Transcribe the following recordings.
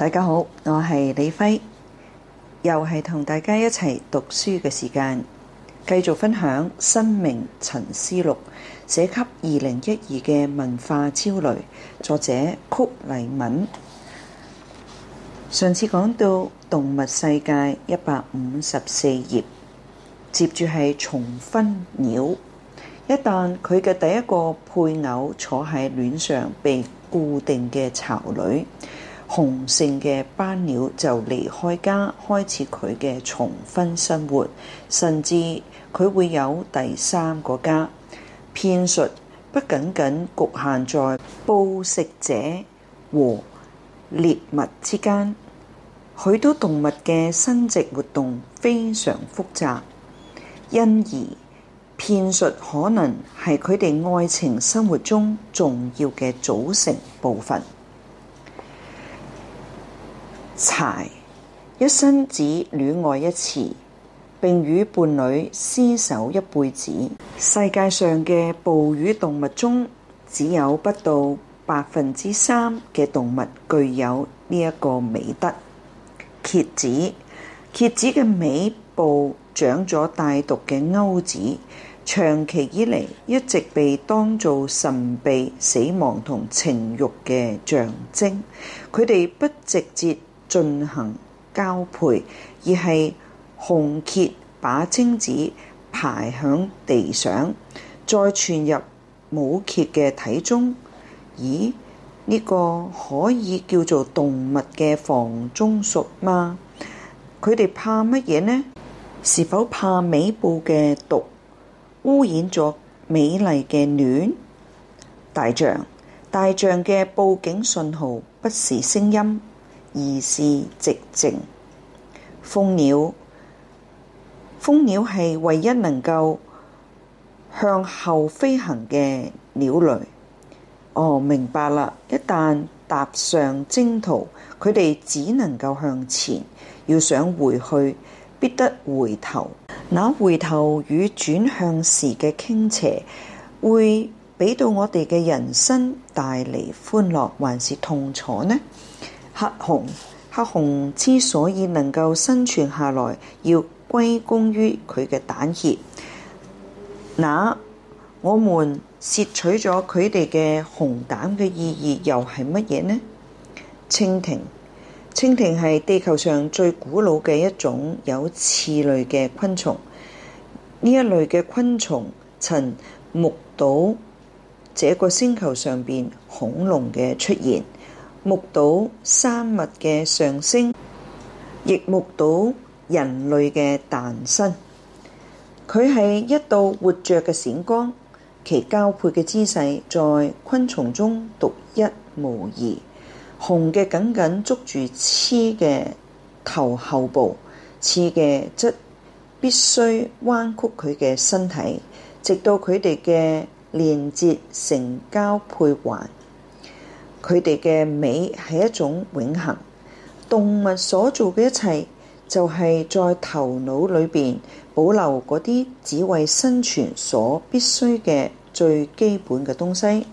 大家好，我係李輝，又係同大家一齊讀書嘅時間，繼續分享《生命沉思錄》寫給二零一二嘅文化焦慮，作者曲黎敏。上次講到動物世界一百五十四頁，接住係重婚鳥，一旦佢嘅第一個配偶坐喺卵上被固定嘅巢裏。雄性嘅斑鳥就離開家，開始佢嘅重婚生活，甚至佢會有第三個家。騙術不僅僅局限在捕食者和獵物之間，許多動物嘅生殖活動非常複雜，因而騙術可能係佢哋愛情生活中重要嘅組成部分。柴一生只戀愛一次，並與伴侶廝守一輩子。世界上嘅哺乳動物中，只有不到百分之三嘅動物具有呢一個美德。蠍子，蠍子嘅尾部長咗帶毒嘅鈎子，長期以嚟一直被當做神秘、死亡同情欲嘅象徵。佢哋不直接。進行交配，而係雄蠍把精子排響地上，再傳入母蠍嘅體中。咦？呢、這個可以叫做動物嘅防中術嗎？佢哋怕乜嘢呢？是否怕尾部嘅毒污染咗美麗嘅卵？大象，大象嘅報警信號不是聲音。而是寂靜。蜂鳥，蜂鳥係唯一能夠向後飛行嘅鳥類。哦，明白啦！一旦踏上征途，佢哋只能夠向前。要想回去，必得回頭。那回頭與轉向時嘅傾斜，會俾到我哋嘅人生帶嚟歡樂，還是痛楚呢？黑熊，黑熊之所以能夠生存下來，要歸功於佢嘅膽怯。那我們攝取咗佢哋嘅熊膽嘅意義又係乜嘢呢？蜻蜓，蜻蜓係地球上最古老嘅一種有翅類嘅昆蟲。呢一類嘅昆蟲，曾目睹這個星球上邊恐龍嘅出現。目睹生物嘅上升，亦目睹人類嘅誕生。佢係一道活着嘅閃光，其交配嘅姿勢在昆蟲中獨一無二。雄嘅緊緊捉住雌嘅頭後部，雌嘅則必須彎曲佢嘅身體，直到佢哋嘅連接成交配環。佢哋嘅美係一種永恒。動物所做嘅一切，就係在頭腦裏邊保留嗰啲只為生存所必須嘅最基本嘅東西。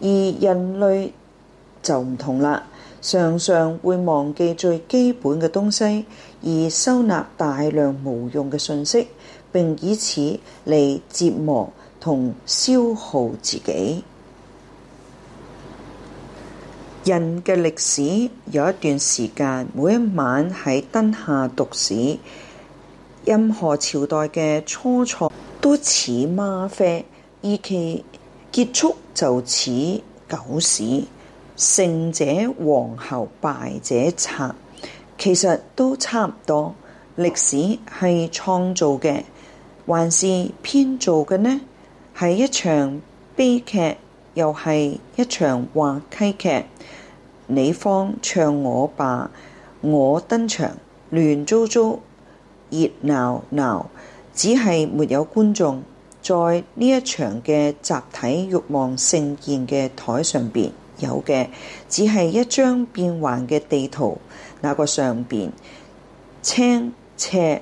而人類就唔同啦，常常會忘記最基本嘅東西，而收納大量無用嘅信息，並以此嚟折磨同消耗自己。人嘅歷史有一段時間，每一晚喺燈下讀史，任何朝代嘅初創都似嗎啡，而其結束就似狗屎。勝者王侯，敗者賊，其實都差唔多。歷史係創造嘅，還是編造嘅呢？係一場悲劇。又係一場滑稽劇，你方唱我罷，我登場，亂糟糟，熱鬧鬧，只係沒有觀眾。在呢一場嘅集體欲望盛宴嘅台上邊，有嘅只係一張變幻嘅地圖，那個上邊青、赤、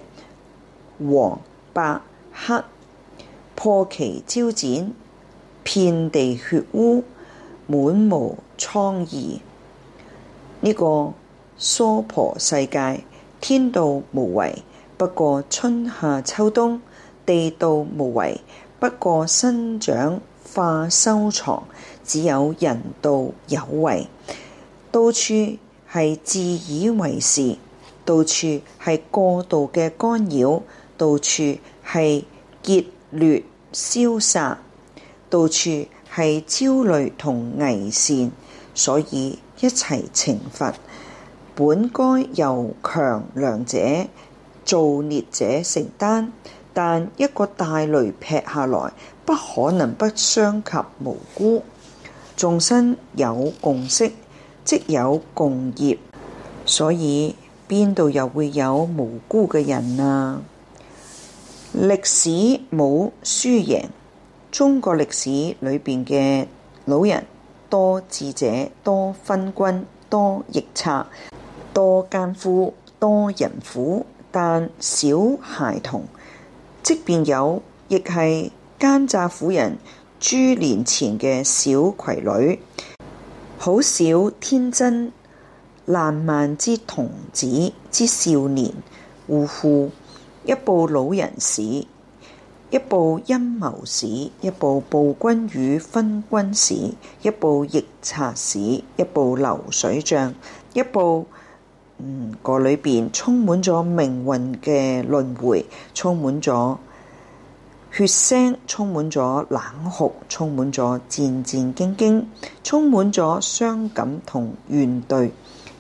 黃、白、黑，破旗招展。遍地血污，滿目瘡痍。呢、這個娑婆世界，天道無為不過春夏秋冬，地道無為不過生長化收藏，只有人道有為。到處係自以為是，到處係過度嘅干擾，到處係劫掠消殺。到處係焦慮同危險，所以一齊懲罰本該由強良者造孽者承擔，但一個大雷劈下來，不可能不傷及無辜。眾生有共識，即有共業，所以邊度又會有無辜嘅人啊？歷史冇輸贏。中國歷史裏邊嘅老人多智者、多昏君、多逆賊、多奸夫、多淫婦，但少孩童。即便有，亦係奸詐婦人諸年前嘅小傀儡，好少天真爛漫之童子之少年。嗚呼，一部老人史。一部陰謀史，一部暴君與昏君史，一部逆賊史，一部流水賬，一部嗯，個裏邊充滿咗命運嘅輪迴，充滿咗血腥，充滿咗冷酷，充滿咗戰戰兢兢，充滿咗傷感同怨懟，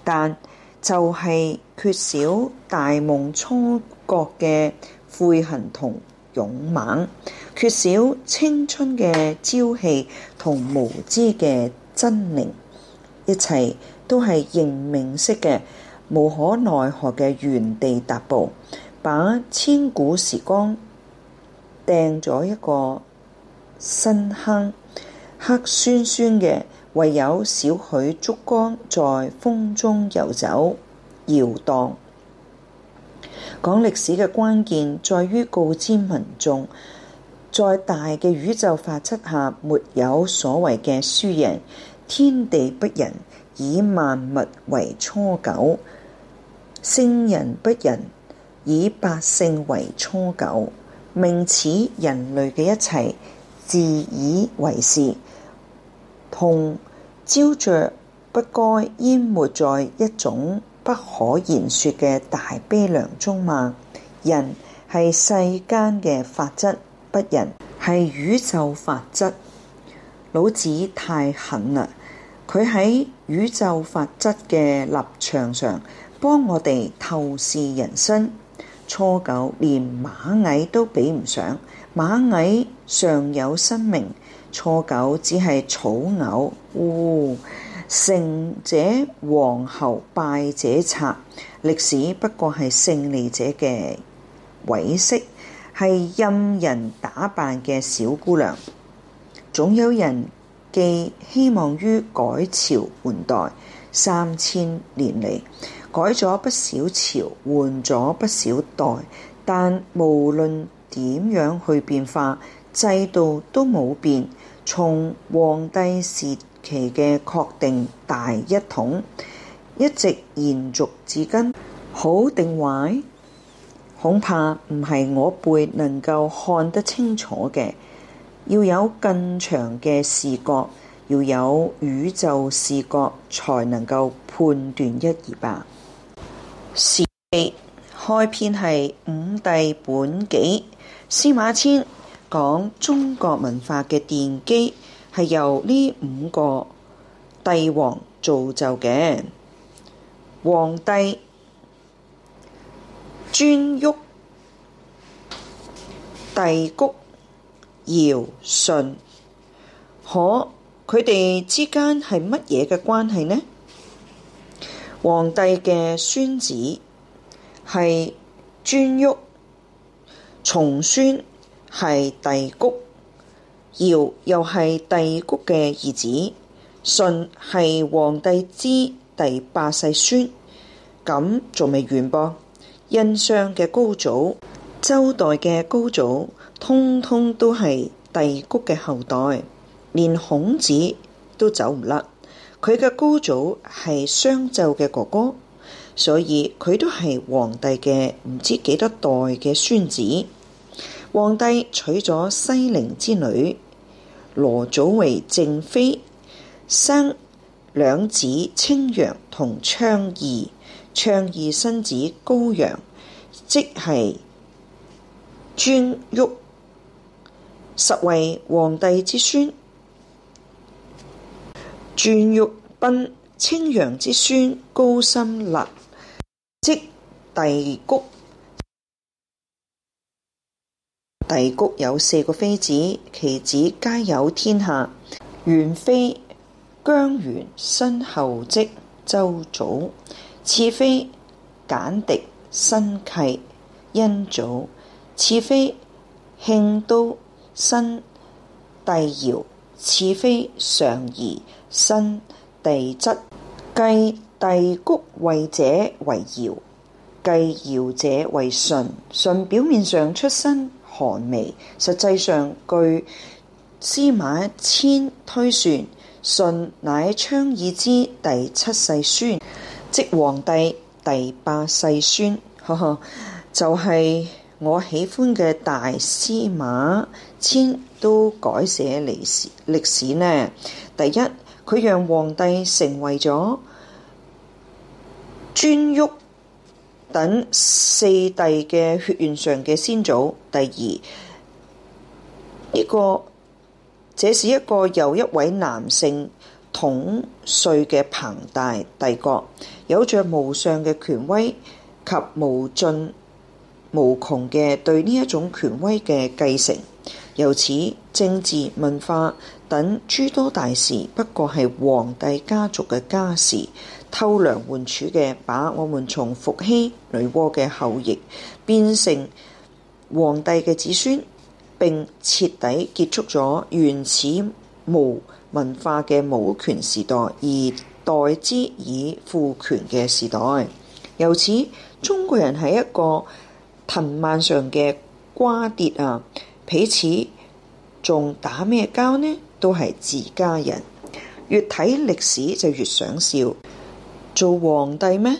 但就係缺少大夢初覺嘅悔恨同。勇猛，缺少青春嘅朝氣同無知嘅真靈，一切都係認命式嘅，無可奈何嘅原地踏步，把千古時光掟咗一個新坑，黑酸酸嘅，唯有少許燭光在風中游走搖蕩。講歷史嘅關鍵，在於告知民眾，在大嘅宇宙法則下，沒有所謂嘅輸贏。天地不仁，以萬物為芻狗；聖人不仁，以百姓為芻狗。命此人類嘅一切，自以為是，同焦灼，不該淹沒在一種。不可言說嘅大悲涼中嘛，人係世間嘅法則，不仁係宇宙法則。老子太狠啦，佢喺宇宙法則嘅立場上，幫我哋透視人生。芻狗連螞蟻都比唔上，螞蟻尚有生命，芻狗只係草偶，嗚、哦。成者王侯，敗者賊。歷史不過係勝利者嘅偽飾，係任人打扮嘅小姑娘。總有人寄希望於改朝換代，三千年嚟改咗不少朝，換咗不少代，但無論點樣去變化，制度都冇變。從皇帝時。其嘅確定大一統一直延續至今，好定壞，恐怕唔係我輩能夠看得清楚嘅。要有更長嘅視覺，要有宇宙視覺，才能夠判斷一二吧。史記開篇係五帝本紀，司馬遷講中國文化嘅奠基。係由呢五個帝王造就嘅，皇帝、顓頊、帝嚳、堯、舜，可佢哋之間係乜嘢嘅關係呢？皇帝嘅孫子係顓頊，重孫係帝嚳。堯又係帝嚳嘅兒子，舜係皇帝之第八世孫。咁仲未完噃？殷商嘅高祖、周代嘅高祖，通通都係帝嚳嘅後代，連孔子都走唔甩。佢嘅高祖係商紂嘅哥哥，所以佢都係皇帝嘅唔知幾多代嘅孫子。皇帝娶咗西陵之女。羅祖為正妃，生兩子青陽同昌意，昌意生子高陽，即係顓頊，實為黃帝之孫。顓頊崩，青陽之孫高辛立，即帝嚳。帝谷有四個妃子，其子皆有天下。元妃姜元，生后稷周祖；次妃簡狄，生契殷祖；次妃慶都，生帝堯；次妃常儀，生帝摯。繼帝谷位者為堯，繼堯者為舜。舜表面上出身。寒微，實際上據司馬遷推算，舜乃昌意之第七世孫，即皇帝第八世孫，就係、是、我喜歡嘅大司馬遷都改寫歷史歷史呢？第一，佢讓皇帝成為咗尊郁。等四帝嘅血緣上嘅先祖。第二，呢個，這是一個由一位男性統帥嘅龐大帝國，有着無上嘅權威及無盡無窮嘅對呢一種權威嘅繼承。由此政治、文化等諸多大事不過係皇帝家族嘅家事。偷梁換柱嘅，把我們從伏羲女媧嘅後裔變成皇帝嘅子孫，並徹底結束咗原始無文化嘅無權時代，而代之以父權嘅時代。由此，中國人係一個藤蔓上嘅瓜瓞啊，彼此仲打咩交呢？都係自家人，越睇歷史就越想笑。做皇帝咩？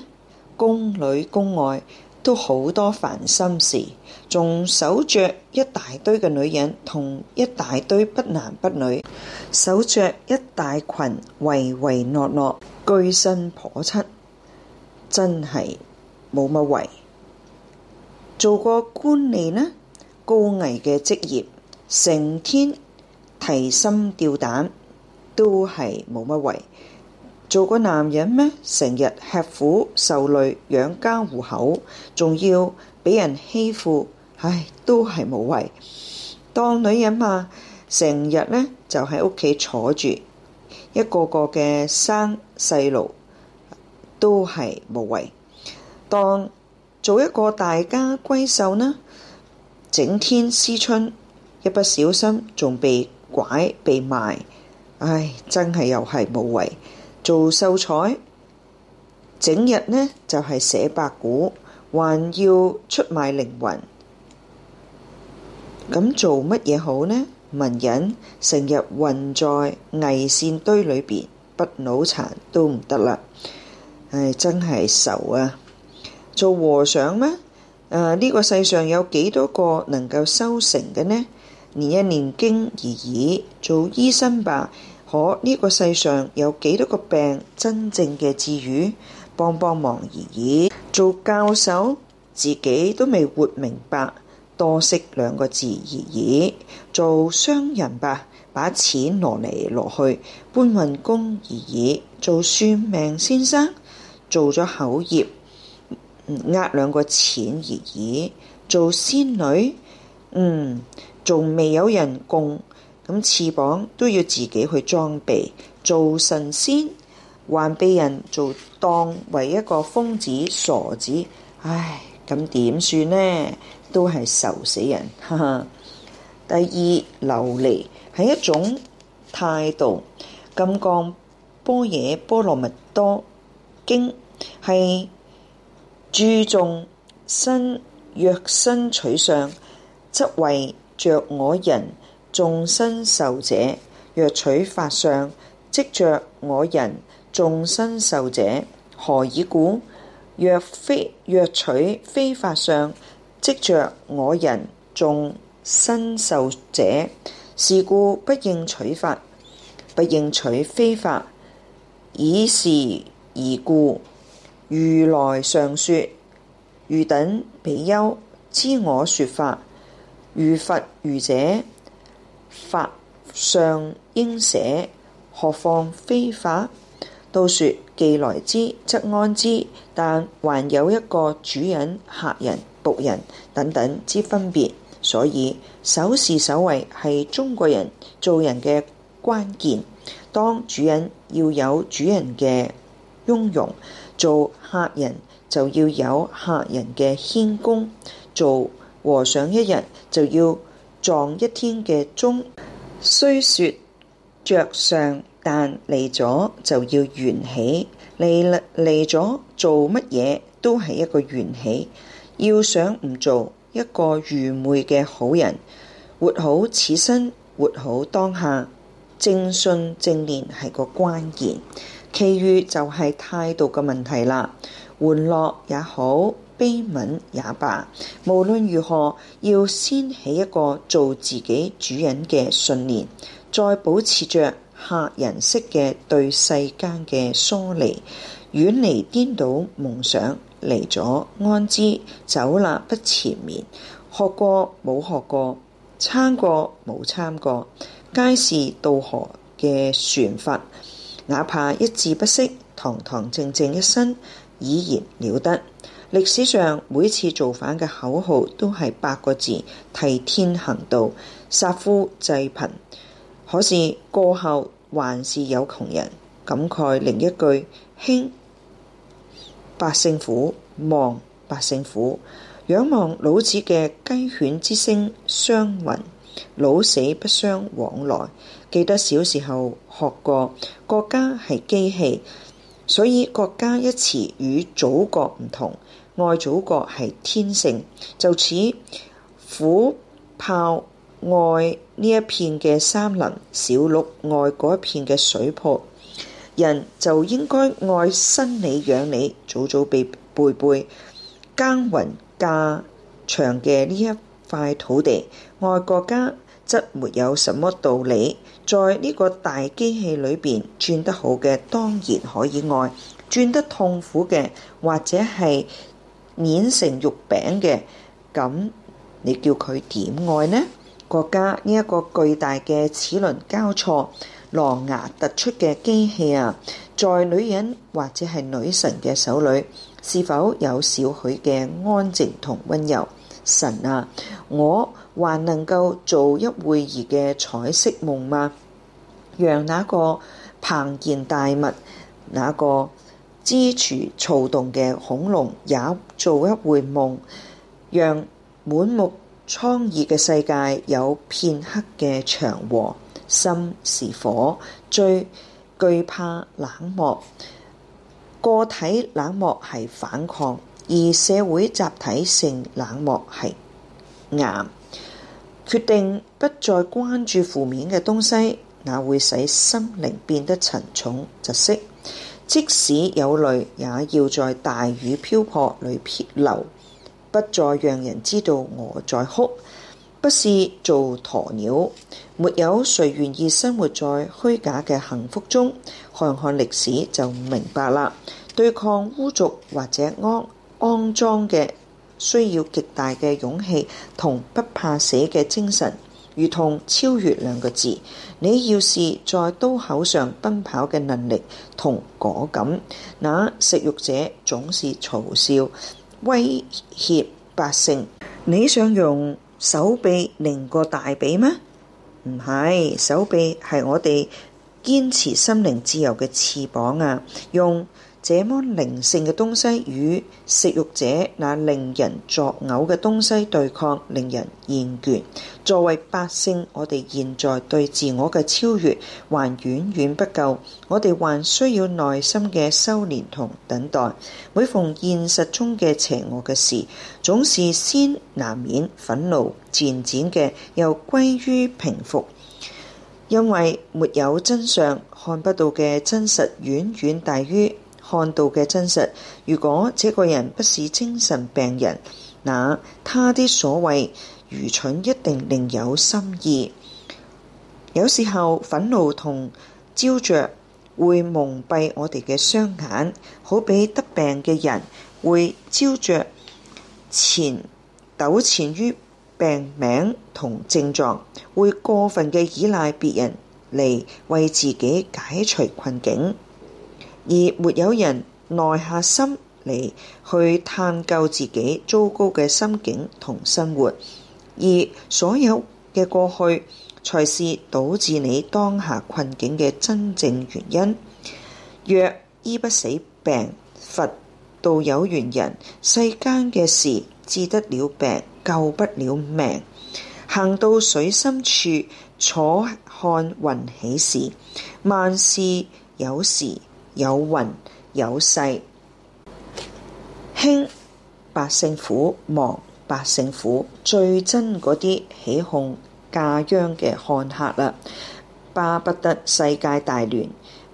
宮裏宮外都好多煩心事，仲守着一大堆嘅女人，同一大堆不男不女，守着一大群唯唯諾諾、居心叵測，真係冇乜謂。做過官吏呢，高危嘅職業，成天提心吊膽，都係冇乜謂。做個男人咩？成日吃苦受累養家糊口，仲要畀人欺負，唉，都係無謂。當女人嘛，成日咧就喺屋企坐住，一個個嘅生細路都係無謂。當做一個大家閨秀呢，整天思春，一不小心仲被拐被賣，唉，真係又係無謂。做秀才，整日呢就係寫八股，還要出賣靈魂，咁做乜嘢好呢？文人成日混在偽善堆裏邊，不腦殘都唔得啦！唉，真係愁啊！做和尚咩？呢、呃呢個世上有幾多個能夠修成嘅呢？念一念經而已，做醫生吧。可呢，這個世上有幾多個病真正嘅治癒？幫幫忙而已。做教授，自己都未活明白，多識兩個字而已。做商人吧，把錢攞嚟，攞去，搬運工而已。做算命先生，做咗口業，呃、嗯、兩個錢而已。做仙女，嗯,仲未有人共。咁翅膀都要自己去裝備，做神仙還被人做當為一個瘋子傻子，唉，咁點算呢？都係愁死人。哈哈。第二流離係一種態度。《金剛般若波羅蜜多經》係注重身，若身取相，則為着我人眾生壽者，若取法相，即著我人眾生壽者。何以故？若非，若取非法相，即著我人眾生壽者，是故，不應取法，不應取非法，以是而故，如來常說：如等比丘知我説法，如佛如者。法尚應捨，何況非法？都説既來之則安之，但還有一個主人、客人、僕人等等之分別。所以，守時守位係中國人做人嘅關鍵。當主人要有主人嘅雍容，做客人就要有客人嘅謙恭，做和尚一日就要。撞一天嘅鐘，雖說着相，但嚟咗就要緣起，嚟嚟咗做乜嘢都係一個緣起。要想唔做，一個愚昧嘅好人，活好此生，活好當下，正信正念係個關鍵，其餘就係態度嘅問題啦。玩樂也好。悲憫也罷，無論如何，要先起一個做自己主人嘅信念，再保持着客人式嘅對世間嘅疏離，遠離顛倒夢想，嚟咗安之，走啦，不纏綿，學過冇學過，參過冇參過，皆是渡河嘅船法，哪怕一字不識，堂堂正正一身，已然了得。歷史上每次造反嘅口號都係八個字：替天行道，殺富濟貧。可是過後還是有窮人感慨另一句：興百姓苦，亡百姓苦。仰望老子嘅雞犬之聲相聞，老死不相往來。記得小時候學過，國家係機器，所以國家一詞與祖國唔同。愛祖國係天性，就似虎豹愛呢一片嘅山林，小鹿愛嗰一片嘅水泊，人就應該愛生你養你、祖祖輩輩耕耘架長嘅呢一塊土地。愛國家則沒有什麼道理。在呢個大機器裏邊轉得好嘅，當然可以愛；轉得痛苦嘅，或者係。碾成肉餅嘅，咁你叫佢點愛呢？國家呢一個巨大嘅齒輪交錯、狼牙突出嘅機器啊，在女人或者係女神嘅手裏，是否有少許嘅安靜同温柔？神啊，我還能夠做一會兒嘅彩色夢嗎？讓那個龐然大物，那個，知處躁動嘅恐龍也做一回夢，讓滿目瘡痍嘅世界有片刻嘅祥和。心是火，最懼怕冷漠。個體冷漠係反抗，而社會集體性冷漠係癌。決定不再關注負面嘅東西，那會使心靈變得沉重窒息。即使有淚，也要在大雨漂泊裏飄流，不再讓人知道我在哭。不是做鴕鳥，沒有誰願意生活在虛假嘅幸福中。看看歷史就明白啦，對抗污濁或者安骯髒嘅，需要極大嘅勇氣同不怕死嘅精神。如同超越兩個字，你要是在刀口上奔跑嘅能力同果敢，那食肉者總是嘲笑威脅百姓。你想用手臂擰過大髀嗎？唔係，手臂係我哋堅持心靈自由嘅翅膀啊！用。這麼靈性嘅東西，與食慾者那令人作嘔嘅東西對抗，令人厭倦。作為百姓，我哋現在對自我嘅超越還遠遠不夠，我哋還需要耐心嘅修練同等待。每逢現實中嘅邪惡嘅事，總是先難免憤怒，漸漸嘅又歸於平復，因為沒有真相，看不到嘅真實遠遠大於。看到嘅真實，如果這個人不是精神病人，那他的所謂愚蠢一定另有深意。有時候憤怒同焦灼會蒙蔽我哋嘅雙眼，好比得病嘅人會焦灼，前糾纏於病名同症狀，會過分嘅依賴別人嚟為自己解除困境。而沒有人耐下心嚟去探究自己糟糕嘅心境同生活，而所有嘅過去才是導致你當下困境嘅真正原因。若醫不死病，佛度有緣人。世間嘅事治得了病，救不了命。行到水深處，坐看雲起時。萬事有時。有雲有勢，興百姓苦，亡百姓苦，最憎嗰啲起哄嫁秧嘅看客啦，巴不得世界大亂，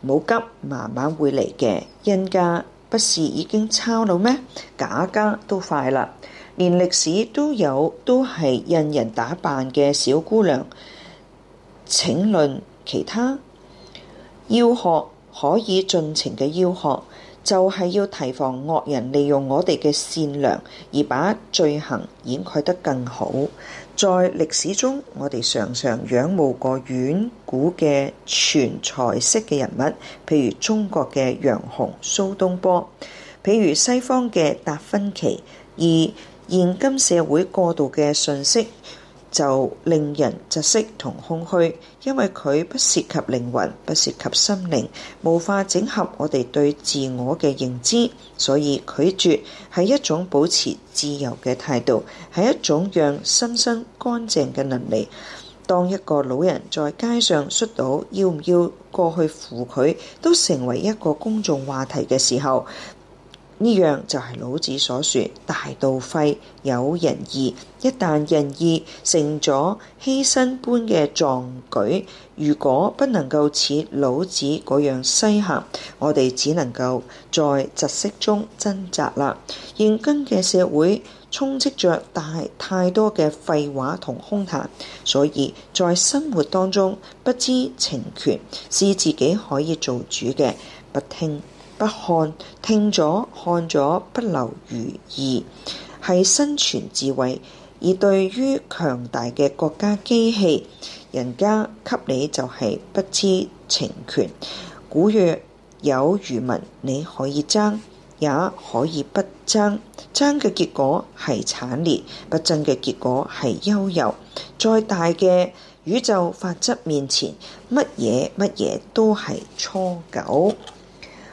冇急，慢慢會嚟嘅。殷家不是已經抄到咩？假家都快啦，連歷史都有，都係任人打扮嘅小姑娘。請論其他，要學。可以盡情嘅要學，就係要提防惡人利用我哋嘅善良而把罪行掩蓋得更好。在歷史中，我哋常常仰慕過遠古嘅全才式嘅人物，譬如中國嘅楊雄、蘇東坡，譬如西方嘅達芬奇。而現今社會過度嘅信息，就令人窒息同空虛，因為佢不涉及靈魂，不涉及心靈，無法整合我哋對自我嘅認知，所以拒絕係一種保持自由嘅態度，係一種讓身心乾淨嘅能力。當一個老人在街上摔倒，要唔要過去扶佢，都成為一個公眾話題嘅時候。呢樣就係老子所説大道廢，有仁義，一旦仁義成咗犧牲般嘅壯舉，如果不能夠似老子嗰樣西行，我哋只能夠在窒息中掙扎啦。現今嘅社會充斥着大太多嘅廢話同空談，所以在生活當中，不知情權是自己可以做主嘅，不聽。不看，聽咗，看咗不留餘意，係生存智慧。而對於強大嘅國家機器，人家給你就係不知情權。古若有愚民，你可以爭，也可以不爭。爭嘅結果係慘烈，不爭嘅結果係優柔。再大嘅宇宙法則面前，乜嘢乜嘢都係初九。